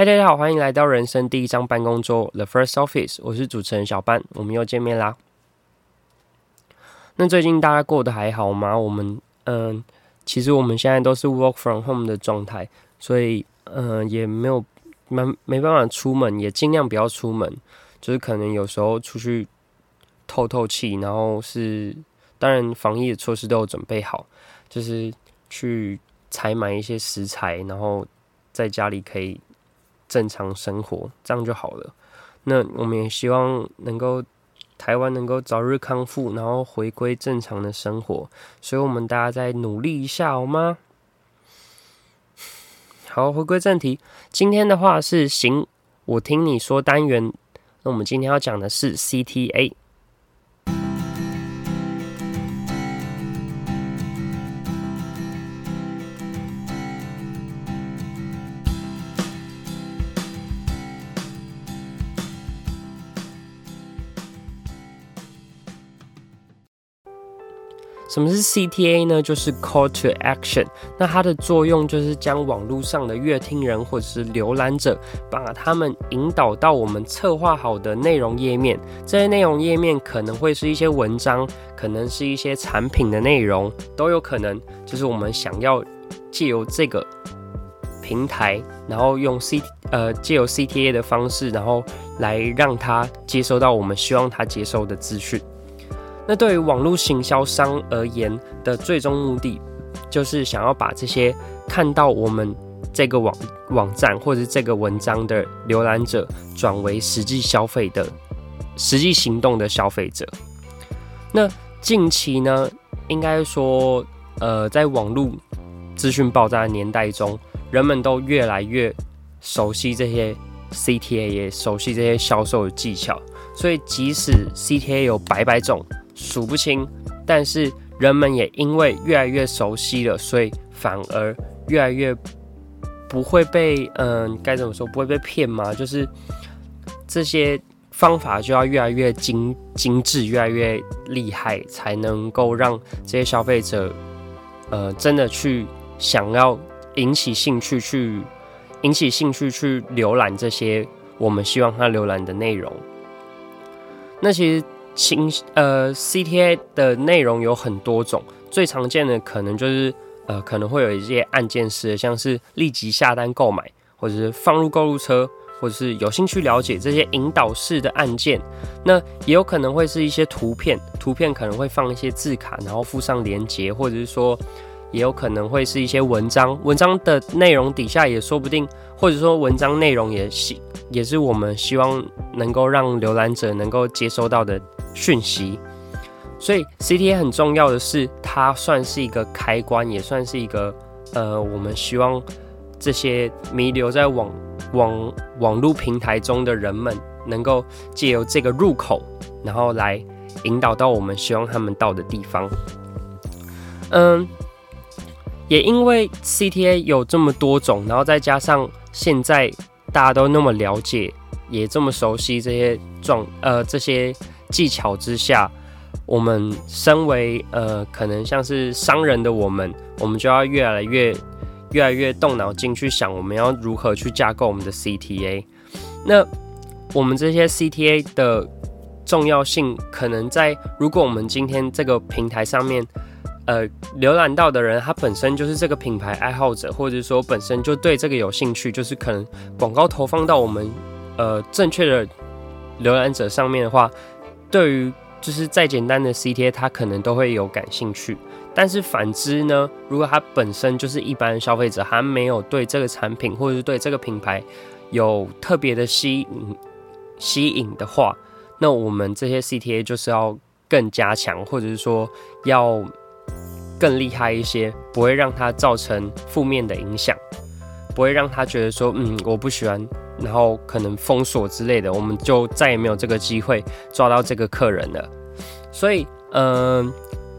嗨，hey, 大家好，歡迎來到人生第一張辦公桌，The First Office。我是主持人小班。我們又見面啦。那最近大家過得還好嗎？我們，嗯，其實我們現在都是 work from home 的狀態，所以，嗯，也沒有沒沒辦法出門，也儘量不要出門。就是可能有時候出去透透氣，然後是當然防疫的措施都有準備好，就是去採買一些食材，然後在家裡可以。正常生活，這樣就好了。那我們也希望能夠台灣能夠早日康復，然後回歸正常的生活。所以，我們大家再努力一下，哦，好嗎？好，回歸正題，今天的話是行，我聽你說單元。那我們今天要講的是 CTA。什麼是 CTA 呢？就是 Call to Action。那它的作用就是將網絡上的閱聽人或者是瀏覽者，把他們引導到我們策劃好的內容頁面。這些內容頁面可能會是一些文章，可能是一些產品的內容，都有可能。就是我們想要借由這個平台，然後用 C 呃，借由 CTA 的方式，然後來讓他接收到我們希望他接收的資訊。那對於網絡行銷商而言的最終目的，就是想要把這些看到我們這個網網站或者這個文章的瀏覽者，轉為實際消費的、實際行動的消費者。那近期呢，應該說，呃，在網絡資訊爆炸的年代中，人們都越來越熟悉這些 CTA，也熟悉這些銷售的技巧，所以即使 CTA 有百百種。數不清，但是人們也因為越來越熟悉了，所以反而越來越不會被……嗯、呃，該怎麼說？不會被騙嗎？就是這些方法就要越來越精精緻，越來越厲害，才能夠讓這些消費者，呃，真的去想要引起興趣去，去引起興趣，去瀏覽這些我們希望他瀏覽的內容。那其實。新呃 CTA 的內容有很多種，最常見的可能就是呃可能會有一些按鍵式的，像是立即下單購買，或者是放入購物車，或者是有興趣了解這些引導式的按鍵。那也有可能會是一些圖片，圖片可能會放一些字卡，然後附上連結，或者是說也有可能會是一些文章，文章的內容底下也說不定，或者說文章內容也希也是我們希望能夠讓瀏覽者能夠接收到的。訊息，所以 CTA 很重要的是，它算是一個開關，也算是一個呃，我們希望這些迷路在網網網路平台中的人們，能夠借由這個入口，然後來引導到我們希望他們到的地方。嗯，也因為 CTA 有這麼多種，然後再加上現在大家都那麼了解，也這麼熟悉這些狀呃這些。技巧之下，我們身為呃，可能像是商人的我們，我們就要越來越越來越動腦筋去想，我們要如何去架構我們的 CTA。那我們這些 CTA 的重要性，可能在如果我們今天這個平台上面，呃，瀏覽到的人，他本身就是這個品牌愛好者，或者說本身就對這個有興趣，就是可能廣告投放到我們呃正確的瀏覽者上面的話。對於就是再簡單的 CTA，他可能都會有感興趣。但是反之呢，如果他本身就是一般消費者，還沒有對這個產品或者是對這個品牌有特別的吸引、吸引的話，那我們這些 CTA 就是要更加強，或者是說要更厲害一些，不會讓他造成負面的影響，不會讓他覺得說，嗯，我不喜歡。然後可能封鎖之類的，我們就再也沒有這個機會抓到這個客人了。所以，嗯、呃，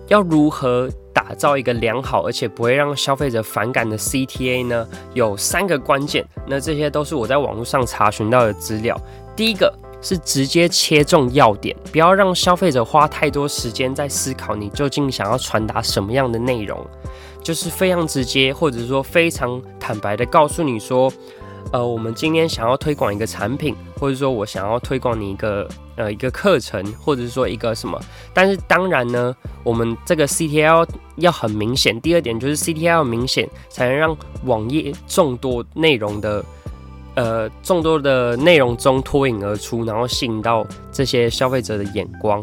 要如何打造一個良好而且不會讓消費者反感的 CTA 呢？有三個關鍵，那這些都是我在網絡上查詢到的資料。第一個是直接切中要點，不要讓消費者花太多時間在思考你究竟想要傳達什麼樣的內容，就是非常直接或者說非常坦白地告訴你說。呃，我們今天想要推廣一個產品，或者說我想要推廣你一個呃一個課程，或者是說一個什麼？但是當然呢，我們這個 CTA 要很明顯。第二點就是 CTA 明顯，才能讓網頁眾多內容的呃眾多的內容中脫穎而出，然後吸引到這些消費者的眼光。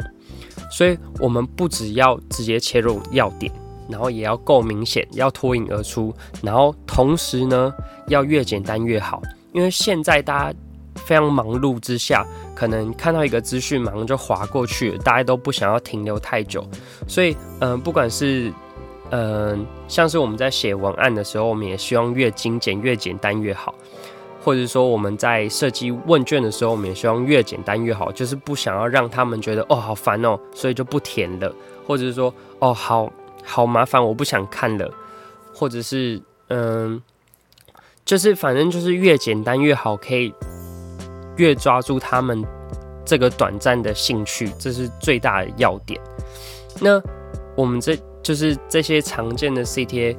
所以我們不只要直接切入要點。然後也要夠明顯，要脫穎而出。然後同時呢，要越簡單越好，因為現在大家非常忙碌之下，可能看到一個資訊馬上就滑過去，大家都不想要停留太久。所以，嗯、呃，不管是嗯、呃，像是我們在寫文案的時候，我們也希望越精簡、越簡單越好；或者是說我們在設計問卷的時候，我們也希望越簡單越好，就是不想要讓他們覺得，哦，好煩哦，所以就不填了，或者是說哦，好。好麻煩，我不想看了，或者是，嗯、呃，就是反正就是越簡單越好，可以越抓住他們這個短暫的興趣，這是最大的要點。那我們這就是這些常見的 CTA，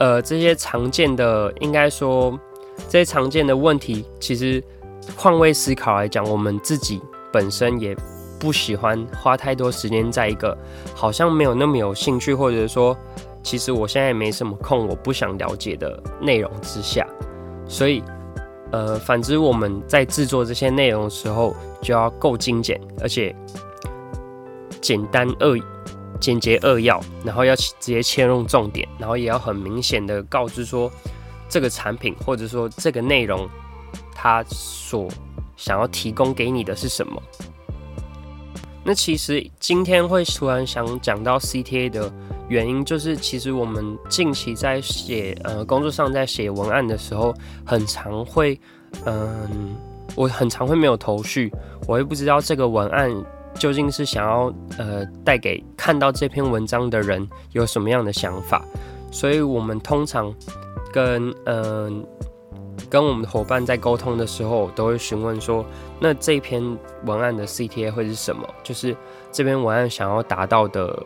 呃，這些常見的應該說這些常見的問題，其實換位思考來講，我們自己本身也。不喜歡花太多時間在一個好像沒有那麼有興趣，或者說其實我現在沒什麼空，我不想了解的內容之下，所以呃，反之我們在制作這些內容的時候就要夠精簡，而且簡單扼要，簡潔扼要，然後要直接切入重點，然後也要很明顯的告知說這個產品或者說這個內容它所想要提供給你的是什麼。那其實今天會突然想講到 CTA 的原因，就是其實我們近期在寫呃，工作上在寫文案的時候，很常會嗯、呃，我很常會沒有頭緒，我會不知道這個文案究竟是想要呃帶給看到這篇文章的人有什麼樣的想法，所以我們通常跟嗯、呃。跟我們夥伴在溝通的時候，我都會詢問說：“那這篇文案的 CTA 會是什麼？就是這篇文案想要達到的，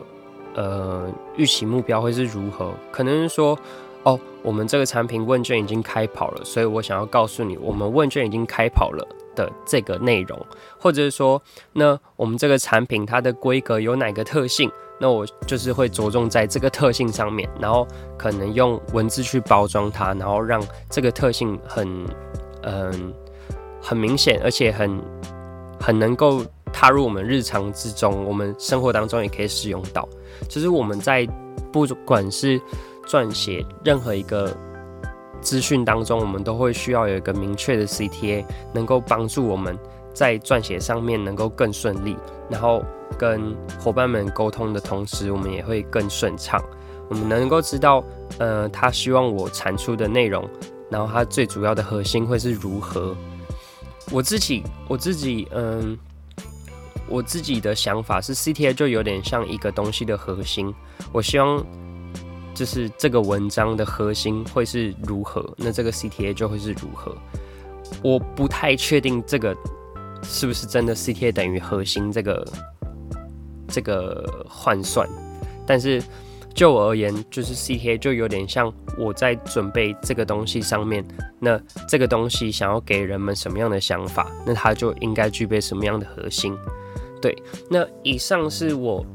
呃，預期目標會是如何？可能是說，哦，我們這個產品問卷已經開跑了，所以我想要告訴你，我們問卷已經開跑了的這個內容，或者是說，那我們這個產品它的規格有哪個特性？”那我就是會着重在這個特性上面，然後可能用文字去包裝它，然後讓這個特性很嗯，很明顯，而且很很能夠踏入我們日常之中，我們生活當中也可以使用到。就是我們在不管是撰寫任何一個資訊當中，我們都會需要有一個明確的 CTA，能夠幫助我們，在撰寫上面能夠更順利，然後跟夥伴們溝通的同時，我們也會更順暢。我們能夠知道，嗯、呃，他希望我產出的內容，然後他最主要的核心會是如何。我自己，我自己，嗯、呃，我自己的想法是，CTA 就有點像一個東西的核心。我希望就是這個文章的核心會是如何，那這個 CTA 就會是如何。我不太確定這個。是不是真的 CTA 等於核心這個這個換算？但是就我而言，就是 CTA 就有點像我在準備這個東西上面，那這個東西想要給人們什麼樣的想法，那它就應該具備什麼樣的核心？對，那以上是我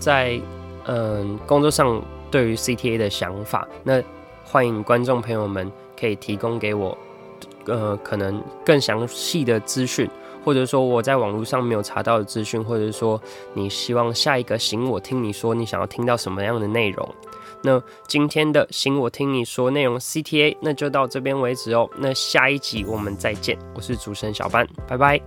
在嗯工作上對於 CTA 的想法。那歡迎觀眾朋友們可以提供給我呃可能更詳細的資訊。或者說我在網絡上沒有查到的資訊，或者說你希望下一個《行！我聽你說》，你想要聽到什麼樣的內容？那今天的《行！我聽你說》內容 CTA，那就到這邊為止哦、喔。那下一集我們再見，我是主持人小班，拜拜。